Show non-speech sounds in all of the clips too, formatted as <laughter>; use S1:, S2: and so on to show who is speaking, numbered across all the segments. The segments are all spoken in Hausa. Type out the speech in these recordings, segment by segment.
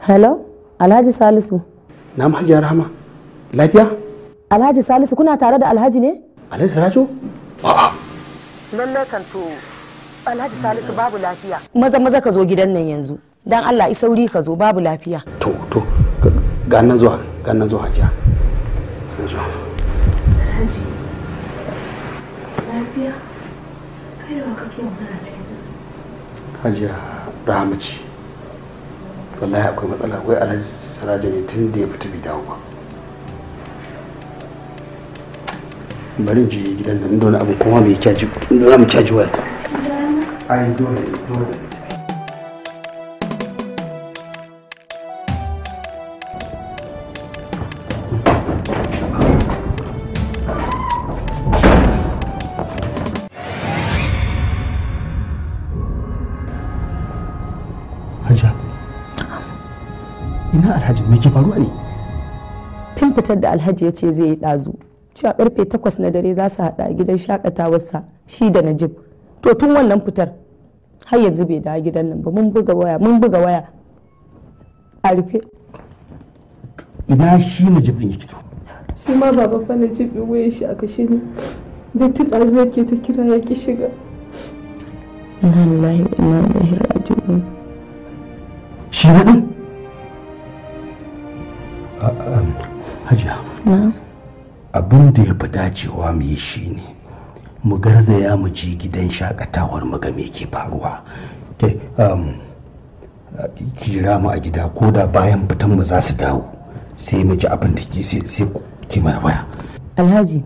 S1: hello alhaji salisu na mahajiya rahama lafiya alhaji salisu kuna tare da alhaji ne alhaji Salisu a'a lallai kan alhaji salisu babu lafiya maza maza ka zo gidan nan yanzu dan allah wuri ka zo babu lafiya to
S2: to ga nan zuwa ga nan zuwa hajiya hajiya rahama ce wallahi akwai matsala wai alhaji ne tun da ya fita bai dawo ba bari je gidan da don abu kuma bai caji don mu waya ta ai dole dole yake faruwa ne
S1: tun fitar da alhaji ya ce zai yi ɗazu cewa karfe takwas na dare za su haɗa gidan shakatawarsa shi da najib to tun wannan fitar har yanzu bai da gidan nan ba mun buga waya mun buga waya a rufe
S2: ina shi najib ɗin ya fito
S1: shi ma baba fa najib ɗin waya shi a kashe ne da tutsa zai ke ta kira ya ki shiga inna lillahi wa inna ilaihi raji'un shi ne
S2: hajiya abin da ya fi dacewa mu yi shi ne mu garzaya mu je gidan shakatawar mu ga me ke faruwa um, ki jira mu a gida ko da bayan fitan mu za su dawo sai mu ji abin da ke sai
S1: ke mana waya alhaji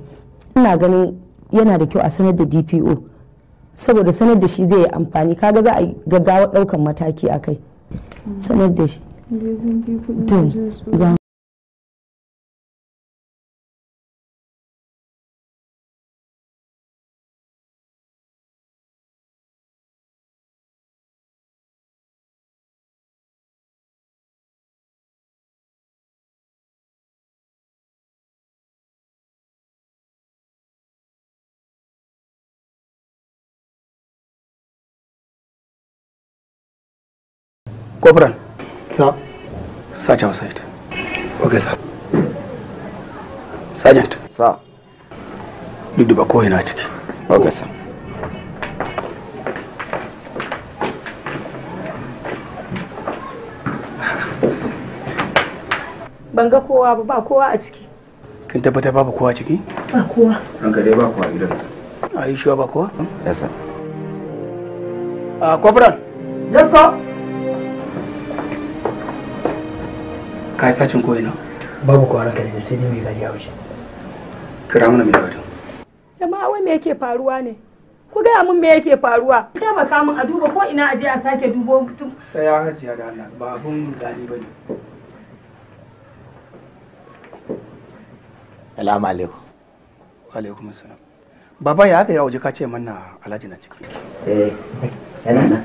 S1: ina ganin yana da kyau a sanar da dpo saboda sanar da shi zai yi amfani kaga za a gaggawa daukan mataki a kai sanar da shi Corporal. Sir. Search outside.
S3: Okay, sir.
S2: Sergeant. Sir. Dudduba ko yana ciki. Okay, sir.
S1: Ban ga kowa ba, ba kowa a ciki.
S2: Kin tabbata babu kowa a ciki? Ba kowa. Ranka dai ba kowa gidan. Ayi you ba kowa? Yes, sir. Uh, Corporal. Yes, sir. ka yi sacin na. babu ka da sai dai mai gari a waje kira mana mai gadi
S1: jama'a wai me yake faruwa ne ku gaya mun me yake faruwa taimaka mun a duba ko ina aje a sake dubo mutum
S2: sai ya hajiya da Allah ba abun gani bane Salamu alaikum. Wa alaikum assalam. Baba ya haka ya waje ka ce mana Alhaji na ciki. Eh, yana nan.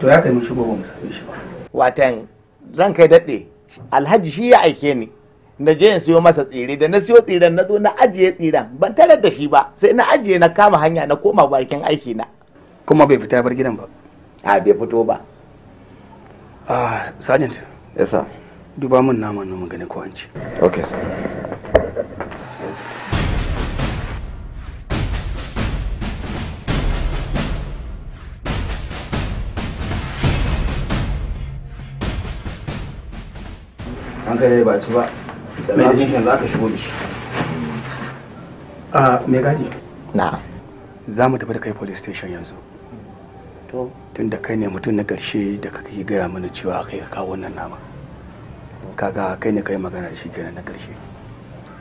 S2: To ya kai mun shigo ba mu sabe shi ba.
S4: Watan zan kai daɗe alhaji shi ya aike ni na je in siyo masa tsire da na siyo tsiren na zo na ajiye tsiren ban tarar da shi ba sai na ajiye na kama hanya na koma barkin aiki na kuma bai fita bar gidan ba a bai fito ba
S2: ah sergeant yes sir duba min naman mu gane ko an ci okay sir an kai ba ba da labin shan za ka shigo da shi a ah, me gadi na za mu tafi da kai police station yanzu to tun da kai ne mutum na karshe da kake gaya mana cewa kai ka kawo wannan nama kaga kai ne kai magana shi kenan na karshe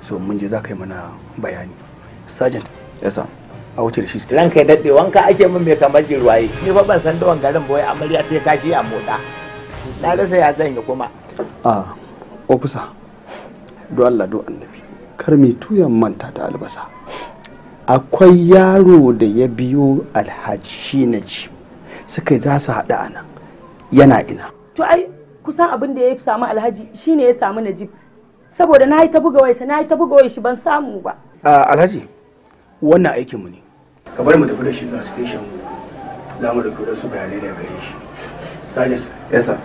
S2: so mun je za ka yi mana bayani sergeant yes sir a wuce da shi station ranka
S4: ya daɗe wanka ake min mai kamar jirwaye ni fa ban san da wangarin boye amarya sai kashi a mota na rasa ya zanya kuma
S2: ah ofisa do Allah do annabi kar mai tuyan manta ta albasa akwai yaro da ya biyo alhaji shi na ji suka za su haɗu a nan yana
S1: ina to ai kusan abin da ya samu alhaji shine ya samu najib saboda na yi ta buga waisa na yi ta buga waisa ban samu ba
S2: alhaji wannan aikinmu ne ka bar mu tafi da shi ga station za mu rubuta su bayanai daga gare shi sergeant yes sir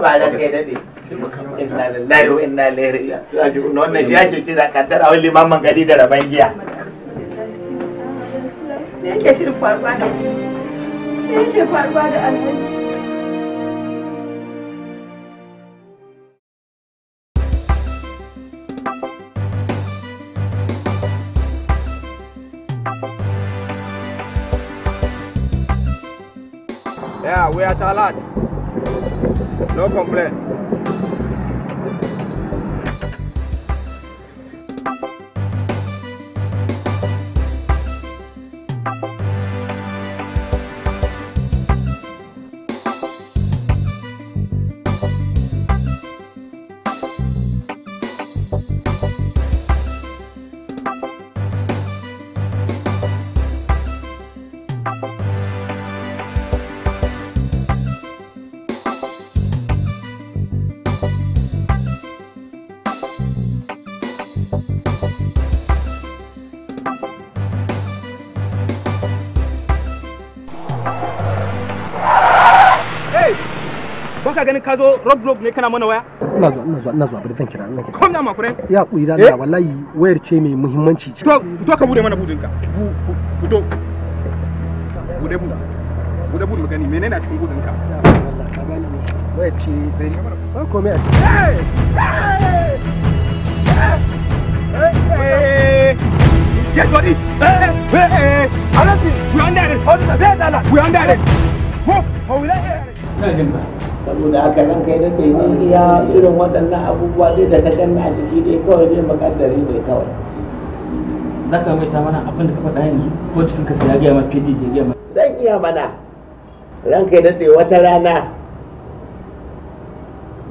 S1: ba da kai
S4: dade
S2: inna lillahi wa
S4: inna ilaihi raji'un wannan ya kira kaddara wani gari da raban giya
S1: me yake shirin faruwa da me yake faruwa da
S2: Yeah, we are alert. No complaint. ka gani ka zo roadblock ne kana mana waya ina zo ina zo ina zo bari zan kira ina kira come down my friend ya kuri da Allah wallahi wayar ce mai muhimmanci to to ka bude mana budin ka bu bu to bude bu bude bu magani menene a cikin budin ka wallahi ka gane wayar ce bai ba komai a cikin Yes, what is? Hey, hey, hey! Honestly, we under it. We are under it.
S1: Move, or we are
S4: under it. saboda haka nan kai dai ne iya irin waɗannan abubuwa dai da ka ganna a jiki dai kawai dai makaddari ne kawai za ka mai ta mana abin da ka faɗa yanzu
S2: ko cikin ka sai ya gaya ma pd ya gaya ma
S4: zan iya mana ran kai daɗe wata rana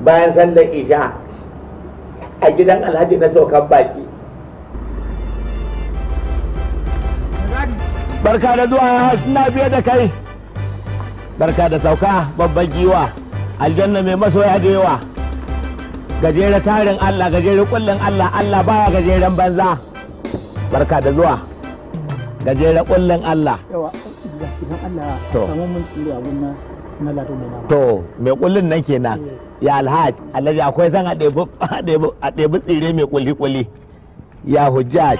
S4: bayan sallar isha a gidan alhaji na saukan baki barka da zuwa na biye da kai barka da sauka babban giwa aljanna mai masoya da yawa gajeren tarin Allah gajeren kullun Allah Allah baya gajeren banza barka da zuwa gajeren kullun Allah to to mai kullun nan kenan eh. ya alhaj alhaji akwai zan <laughs> a ɗebi tsire mai kuli-kuli ya hujjaj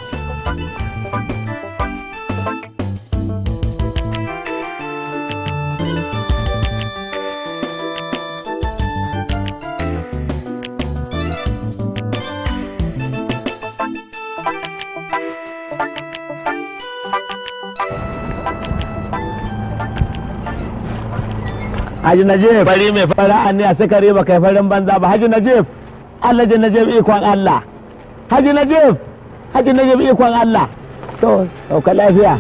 S4: haji najib fari mai fara ne a sakare ba kai farin banza ba haji najib alhaji najib ikon allah haji najib haji najib ikon allah to dauka lafiya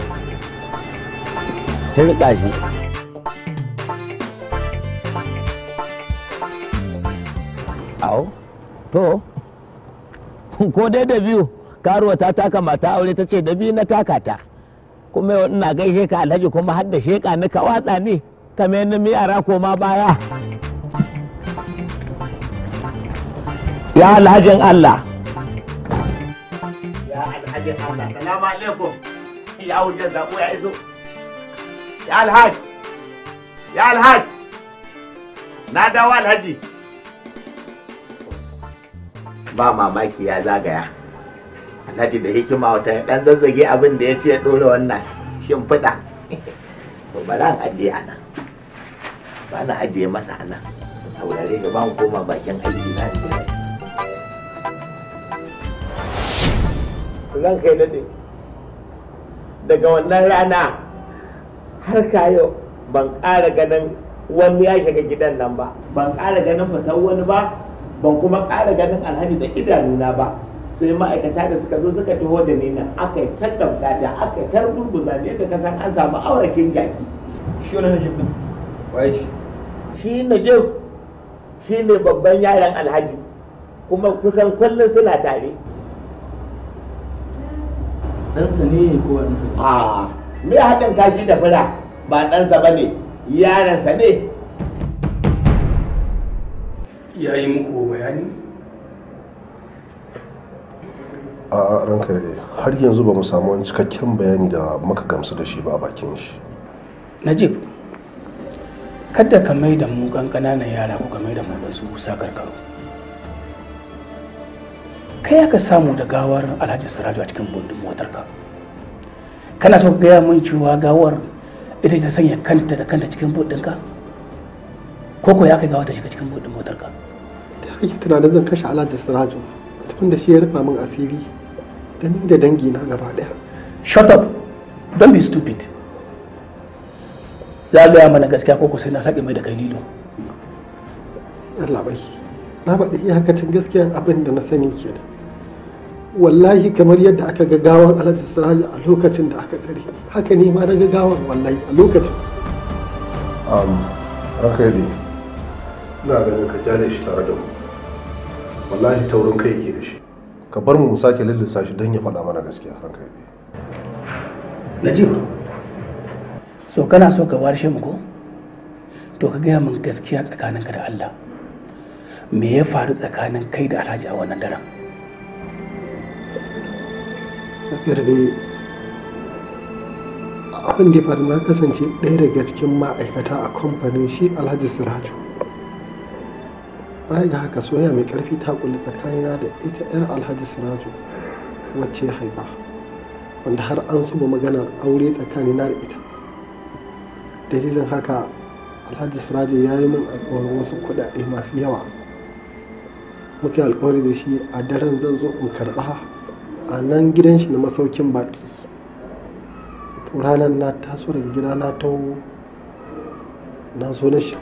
S4: ta riƙa shi awo to <laughs> ko dai da biyu karuwa ta taka mata aure ta ce da biyu na taka ta kuma ina gaishe ka alhaji kuma har da sheka ni ka watsa ni. kamar yadda mai ara koma baya ya alhajin Allah
S1: ya Alhaji Allah
S4: ya wujen ya iso ya alhaj ya alhaj na dawo alhaji ba mamaki ya zagaya alhaji da hikima wata dan zazzage abin da ya ce dora wannan shimfiɗa Ba <laughs> bari an ajiye nan ba na ajiye masa a nan saurare ga ba mu koma bakin aiki na ne ran kai na ne, daga wannan rana har ka yau ban ƙara ganin wani ya shiga gidan nan ba ban ƙara ganin fitar wani ba ban kuma ƙara ganin alhaji da idanuna ba sai ma'aikata da suka zo suka taho da ni nan aka yi ta gamgata aka yi ta rugurguza ne da kasan an samu aurakin jaki
S2: shi wani na shi ɗin shi
S4: shi najib shi ne babban yaran alhaji kuma kusan kullum suna tare ɗansa ne ko ɗansa ne a haɗin kashi da fura ba ɗansa ba ne yaransa ne
S2: ya yi muku bayani a ranka har yanzu ba mu samu wani cikakken bayani da muka
S3: gamsu da shi ba bakin shi
S2: najib kada ka mai da mu ƙananan yara ku ka mai da mu su sakar karo. kai ya ka samu da gawar alhaji siraju a cikin bundin motarka kana so gaya min cewa gawar ita ta sanya kanta da kanta cikin ka? ko ko ya kai gawar ta shiga cikin buɗin motarka da kake tunanin zan kashe alhaji siraju tun da shi ya rufa min asiri da ni da dangi na gaba daya shut up don't be stupid za gaya mana gaskiya ko sai na saƙi mai da kai Allah bai na faɗi iyakacin gaskiya abin da na sani ke da wallahi kamar yadda aka ga gawan alhaji siraji a lokacin da aka tsare haka ne ma na ga gawan wallahi a lokacin um haka ne,
S3: ina ganin ka kyale shi tare da mu wallahi taurin kai ke da shi ka bar mu mu sake lallisa shi don ya faɗa mana gaskiya haka ne
S2: Najib, so kana so ka warshe mu ko to ka gaya min gaskiya tsakaninka da Allah me ya faru tsakanin kai da alhaji a wannan daren a abin da faru na kasance ɗaya daga cikin ma'aikata a kamfanin shi alhaji siraju baya da haka soyayya mai ƙarfi ta kulli tsakanina da ita 'yar alhaji siraju wacce haifa wanda har an suma magana aure tsakanina da ita dalilin haka alhaji siraji ya yi min alkawarin wasu kuɗaɗe masu yawa muke alkawari da shi a daren zan zo in karɓa a nan gidan shi na masaukin baki ranar na taso daga gida na taho na zo na shi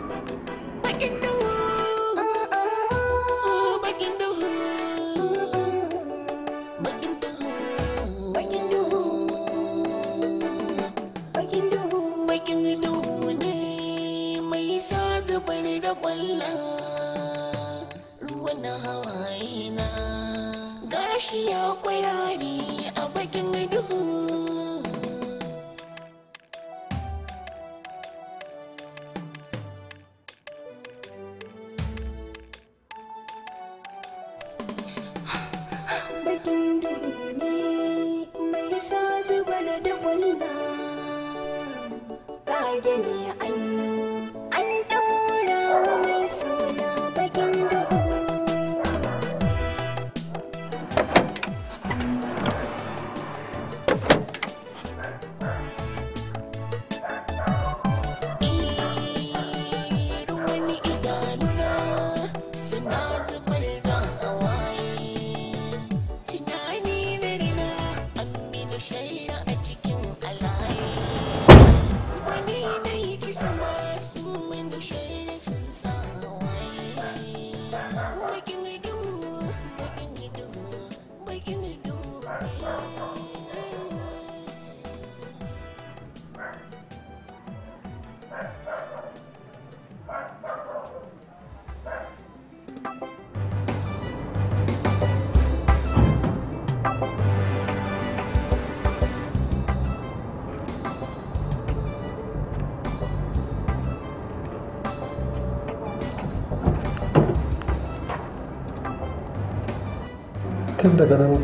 S2: tun daga nan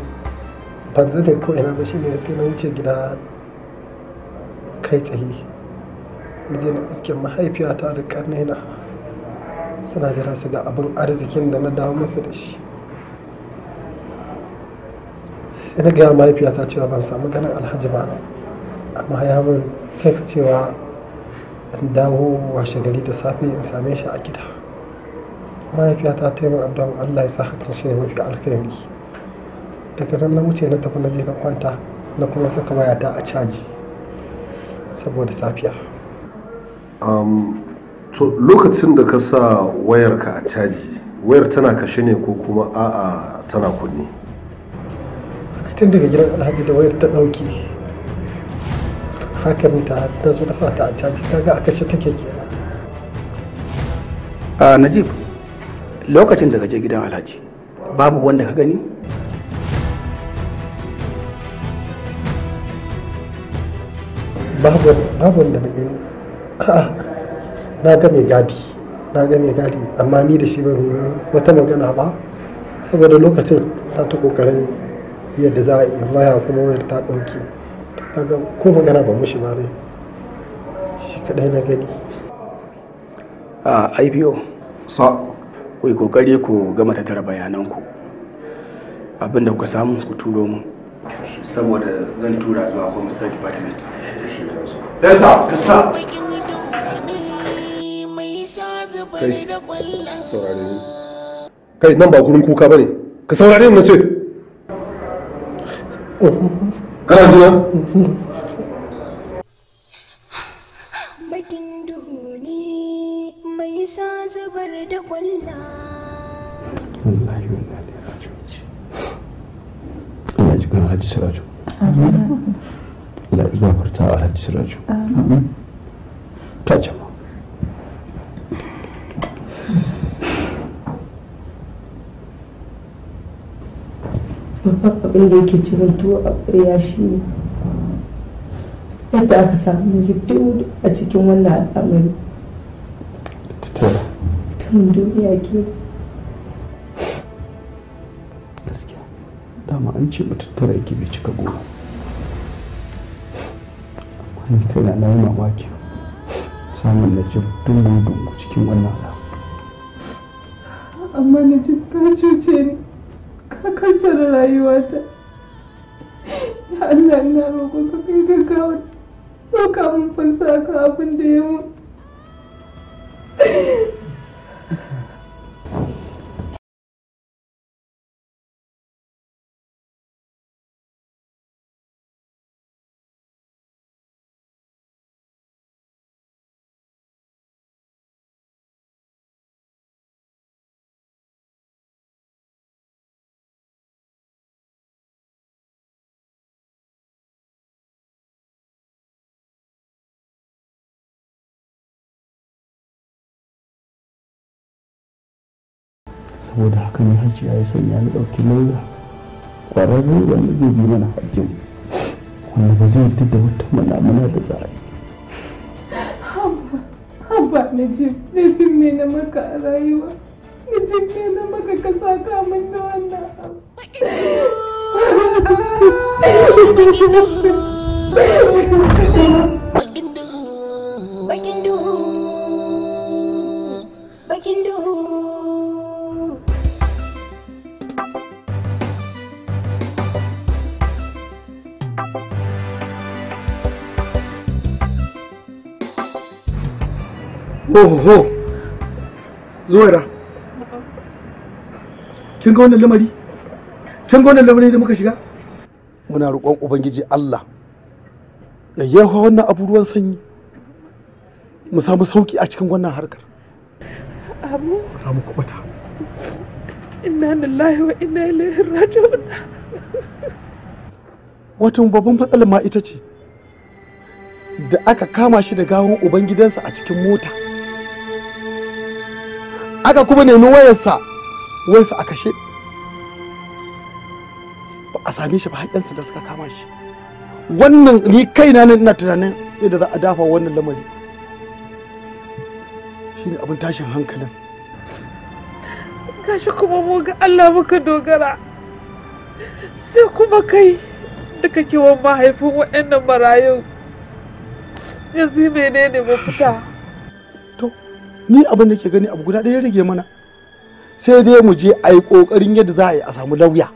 S2: ban zube ko ina ba shine sai na wuce gida kai tsaye na je na iske mahaifiyata da karnena suna jira su ga abin arzikin da na dawo masa da shi sai na gaya mahaifiyata cewa ban samu ganin alhaji ba amma ya min text cewa in dawo washe gari da safe in same shi a gida mahaifiyata ta yi addu'an allah ya sa hakan shi ne mafi alfahari. daga ran na wuce na tafi na je na kwanta na kuma saka wayata a caji saboda safiya to lokacin da ka sa wayarka a caji wayar tana kashe ne ko kuma a'a tana kunne tun daga gidan alhaji da wayar ta ɗauke hakan ta ta zo ta sa ta a caji kaga a kashe take kenan a ah, najib lokacin da ka je gidan alhaji babu wanda ka gani babu babu da na gani na ga mai gadi na ga mai gadi amma ni da shi ba wata magana ba saboda lokacin ta ta kokarin yadda za a iya waya kuma wayar ta ɗauke kaga ko magana ba mushi ba dai shi kaɗai na gani a ipo sa ku yi kokari ku gama tattara bayananku abinda kuka samu ku turo mu. saboda zan tura zuwa komisar department kai nan ba gurin kuka bane ka saurare ni na ce
S1: kana jina bakin duhu ne mai sa zubar da kwallaye
S3: alhaji siraju Allah gafarta alhaji siraju ta ma.
S1: babban abin da yake cikin tuwo a ƙarya shi ne yadda aka samu jiddu a cikin wannan al'amari
S3: tun duniya ke
S2: dama an ce mutum tara yake bai cika goma wani kai na nawa mamaki samun na jib dungu-dungu cikin wannan ala
S1: amma na jib ka cuce ni ka kasara rayuwata ya Allah na roƙon ka kai gaggawa ɗauka mun fasa ka abin da ya mun
S3: saboda haka ne hajji ya yi sanya na ɗauki lauya
S2: ƙwararre wanda zai bi mana haƙƙin wanda ba zai yarda da wata mana
S1: mana da za a yi haba na ji fi mai na maka a rayuwa na ji me na maka ka sa kamun da wannan abu <laughs>
S2: Ohoho! Zuwaira! Kin ga wannan lamari? Kin ga wannan lamari da muka shiga? Muna roƙon Ubangiji Allah ya yawa wannan abu ruwan sanyi. Mu samu sauƙi a cikin wannan harkar. Abu. Mu samu kubuta.
S1: Inna lillahi wa inna ilaihi raji'un.
S2: Wato babban matsalar ma ita ce da aka kama shi da gawon ubangidansa a cikin mota. aka kuma nemi wayarsa wayarsa a kashe ba a same shi ba haƙƙinsa da suka kama shi wannan ni kaina ne ina tunanin yadda za a dafa wannan lamari shi ne abin tashin hankalin
S1: gashi kuma mu ga Allah muka dogara sai kuma kai da kake wa mahaifin waɗannan marayun yanzu menene mafita
S2: ni abin da ke gani abu guda ɗaya rage mana sai dai mu je a yi ƙoƙarin yadda za a yi a samu lauya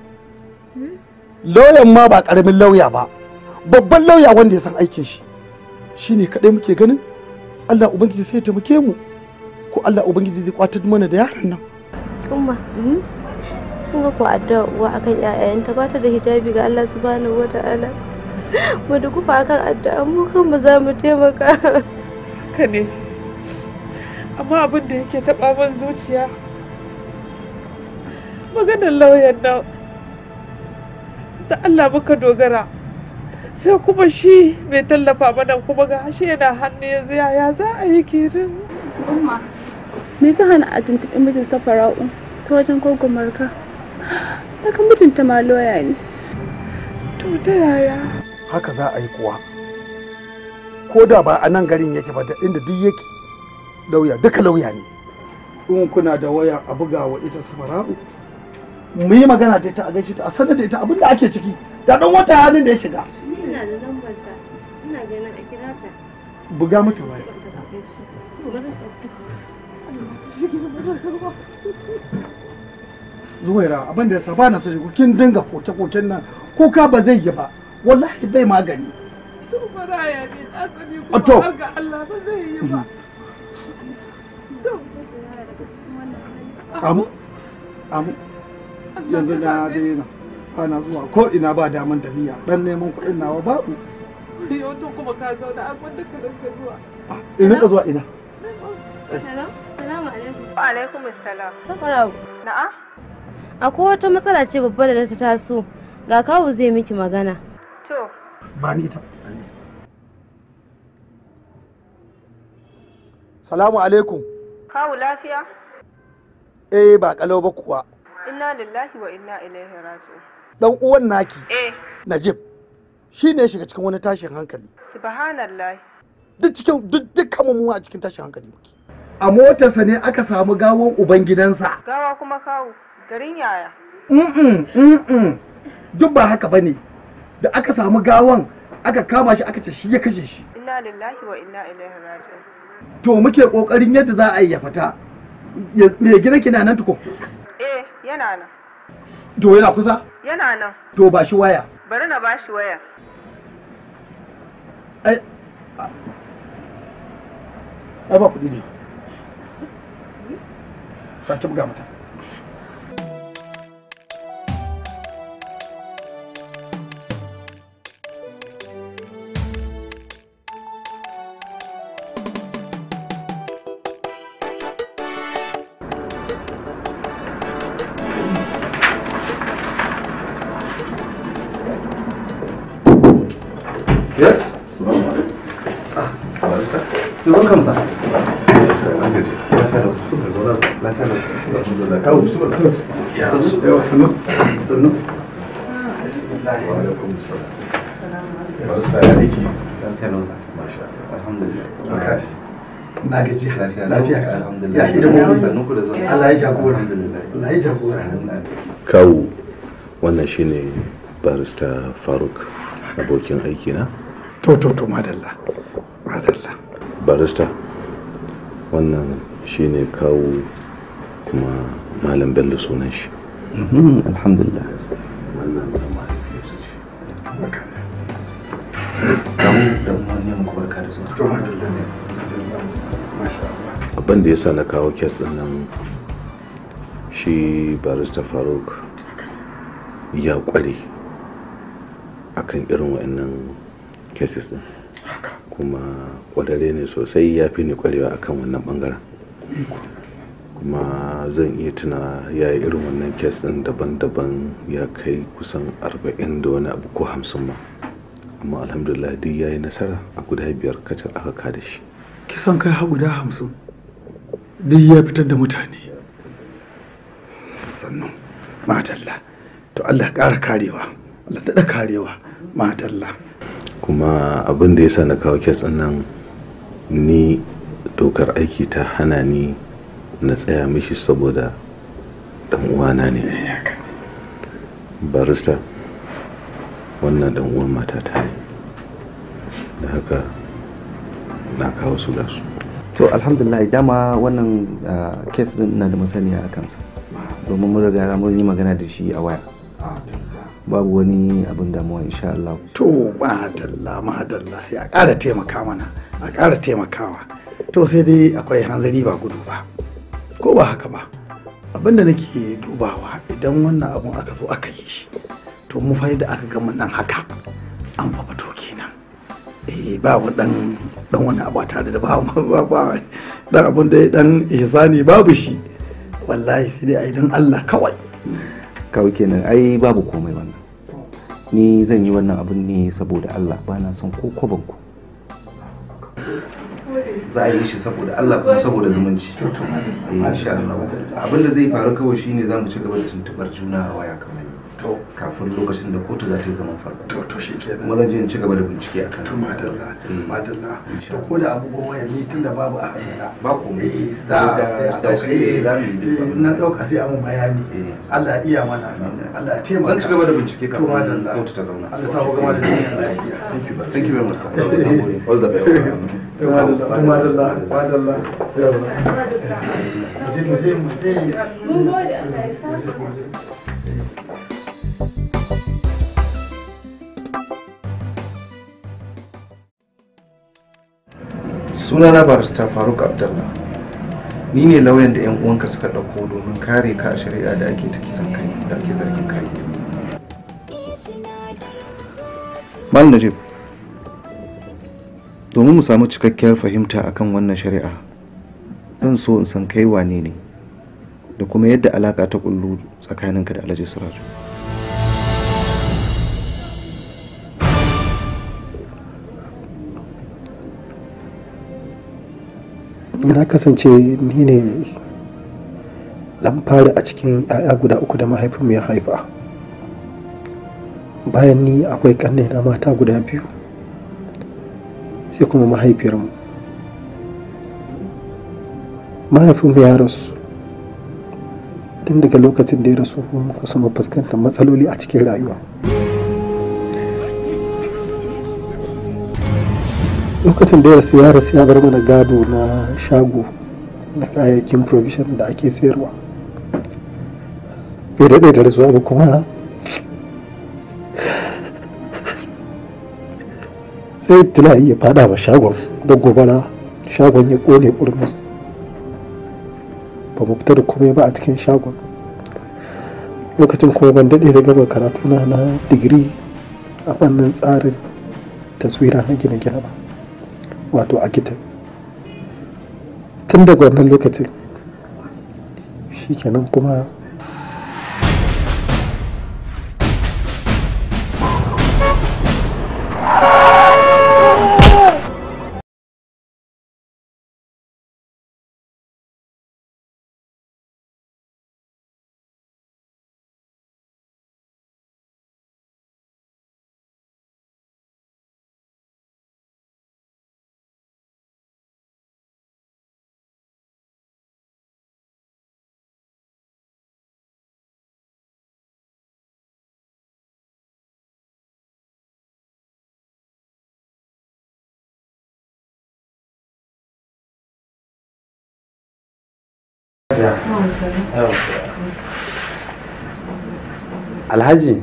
S2: lauyan ma ba ƙaramin lauya ba babban lauya wanda ya san aikin shi shi ne kaɗai muke ganin allah ubangiji sai taimake mu ko allah ubangiji zai kwatar mana da yaran nan
S1: umma hmm? kun ga ko addu'a uwa akan ƴaƴayenta ba ta da hijabi ga allah subhanahu wataala mu da kufa akan addu'a mu kan ba za mu taimaka haka ne amma abin da yake taɓa min zuciya maganar lauyan nan
S4: da Allah muka dogara sai kuma shi mai tallafa mana kuma ga shi yana hannu yanzu yaya za a yi kirin umma
S1: me yasa hana a tuntuɓi mijin safara'u ta wajen kogomarka daga mijinta ma loya ne to ta yaya
S2: haka za a yi kuwa ko da ba a nan garin yake ba da inda duk yake lauya duka lauya ne in kuna da waya a buga wa ita safara'u mu yi magana da ita a gaishe ta a sanar da ita abin da ake ciki da dan wata halin da ya shiga
S1: ina da lambar ta ina ganin a kira ta buga mata waya
S2: zuwaira abinda ya saba na sai kin dinga koke-koken nan kuka ba zai yi ba wallahi bai magani
S1: to ba ga Allah ba zai yi ba mhm. amu
S2: amu yanzu na daina ana zuwa ko ina ba daman tafiya dan neman kuɗin nawa babu yau to kuma
S4: ka
S1: zauna abin da ka ah, rinka zuwa Ina ka zuwa ina Salamu alaikum. Wa alaikum assalam. Na'a? Akwai wata matsala ce babba da ta taso. Ga kawu zai miki magana. To. Ba ni ita. Salamu alaikum. Kawu lafiya?
S2: eh ba kalo ba kuwa
S1: inna lillahi wa inna ilaihi raji'un
S2: dan uwan naki eh najib shi ne shiga cikin wani tashin hankali
S1: subhanallahi duk cikin duk dukkan mu a cikin tashin hankali muke
S2: a motarsa ne aka samu gawon ubangidansa
S1: gawa kuma kawo garin yaya
S2: mm mm duk ba haka bane da aka samu gawon aka kama shi aka ce shi ya kashe
S1: shi inna lillahi wa inna ilaihi raji'un
S2: to muke kokarin yadda za a yi ya fita mai gida kina nan tuko?
S1: Eh, yana nan.
S2: To yana kusa? Yana nan. To ba shi waya.
S1: Bari na ba shi waya. Ai,
S2: ai ba kuɗi ne. Sace buga mata.
S1: yes wannan shi
S3: ne wannan shine barista Faruk abokin aikina. to to to madalla madalla barista wannan shine kawo kuma malam bello sunan shi mhm, alhamdulillah wannan abin da ya sa na kawo kes nan shi barista faruk ya kware akan irin wa'annan cases din kuma kwadare ne sosai ya fi ni kwarewa akan wannan bangaren kuma zan iya tuna ya yi irin wannan kes din daban-daban ya kai kusan 40 da wani abu ko 50 ma amma alhamdulillah duk ya yi nasara a guda biyar kacal aka kada shi
S2: kisan kai ha guda 50 duk ya fitar da mutane sannan matalla to allah ƙara karewa allah daɗa karewa matalla
S3: kuma abin da ya sa na kawo kes nan ni dokar aiki ta hana ni na tsaya mishi saboda dan uwana ne barista wannan dan uwan matata ne da haka na kawo su da su to alhamdulillah dama wannan ah,
S2: kes din na da masaniya a kansa domin mun riga mun yi magana da shi a waya babu wani abin damuwa insha Allah to madalla madalla sai a ƙara taimaka mana a ƙara taimakawa to sai dai akwai hanzari ba gudu ba ko ba haka ba abin da nake dubawa idan wannan abun aka zo aka yi shi to mu da aka gama nan haka an fa fito kenan eh ba wa dan dan wannan abu tare da ba ba ba dan abun da dan ihsani babu shi wallahi sai dai a idan Allah kawai
S3: kawai kenan ai babu komai
S2: wannan ni zan yi wannan abin ne saboda Allah ba na son ko ban ku
S1: za a yi shi saboda Allah kuma saboda
S2: zumunci eh, insha Allah abin da zai faru kawai shine za mu ci gaba da tuntubar juna a waya kawai to kafin lokacin da kotu za ta yi zaman farko to to shi shikenan kuma zan je in ci gaba da bincike akan to madalla eh, madalla to ko da abubuwan waya ni tunda babu a hannuna ba komai eh, eh, da da za da dauka na dauka sai amma bayani Allah ya iya mana Allah ya taimaka zan ci gaba da bincike kafin to madalla kotu ta zauna Allah sa ku gama da duniya thank you thank you very much <laughs> all the best to madalla madalla madalla yawa mun
S1: gode Allah ya sa
S2: Suna na barista faruk abdallah ni ne lauyan da 'yan uwanka suka ɗauko domin kare ka a shari'a da ake ta kisan kai da ake zargin kai mal najib domin mu samu cikakkiyar fahimta akan wannan shari'a zan so in san kai wane ne da kuma yadda alaka ta kullu tsakaninka da alhaji siraju na kasance ni ne lamfari a cikin 'ya'ya guda uku da mahaifinmu ya haifa bayan ni akwai kanne na mata guda biyu sai kuma mahaifiyarmu mahaifinmu ya rasu tun daga lokacin da ya rasu muka suma fuskantar matsaloli a cikin rayuwa. lokacin da ya rasu ya rasu ya bar mana gado na shago na kayayyakin provision da ake sayarwa bai daɗe da rasuwa ba kuma sai tilayi ya fada wa shagon da gobara shagon ya ƙone ƙurmus ba mu fita da komai ba a cikin shagon lokacin kuma ban daɗe da gaba karatu na digiri a fannin tsarin taswira na gine-gine ba wato a gita tun daga wannan lokacin shi kenan kuma alhaji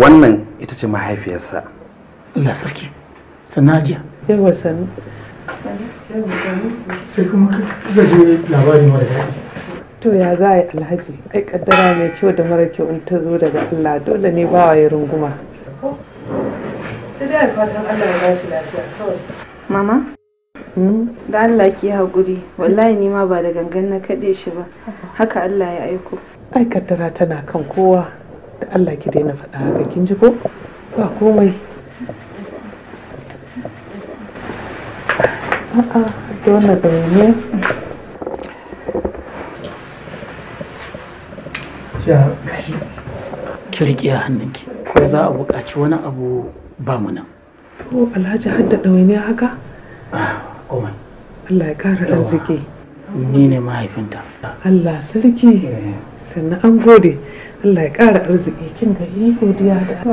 S2: wannan ita ce mahaifiyarsa Allah sarki sanaja yawa sanu sai kuma kika je labari
S3: mara to ya za a yi alhaji ai kaddara mai kyau da mara kyau in ta zo daga Allah dole ne ba wa ya runguma ta dai fatan Allah ya ba shi lafiya
S1: kawai mama Hmm? da Allah ki haƙuri wallahi ni ma ba da gangan na kaɗe shi ba haka Allah ya aiko
S3: ai kaddara tana kan kowa da Allah ki daina faɗa haka kin ji ko ba komai
S1: a'a da wannan
S2: ki riƙe a hannunki ko za a buƙaci wani abu ba mu nan
S1: ko alhaji hadda
S3: ɗawainiya haka ah. Oman. Allah ya kara arziki. Ni ne mahaifinta. Allah sarki. Sannan an gode. Allah ya kara arziki kin ga iko da.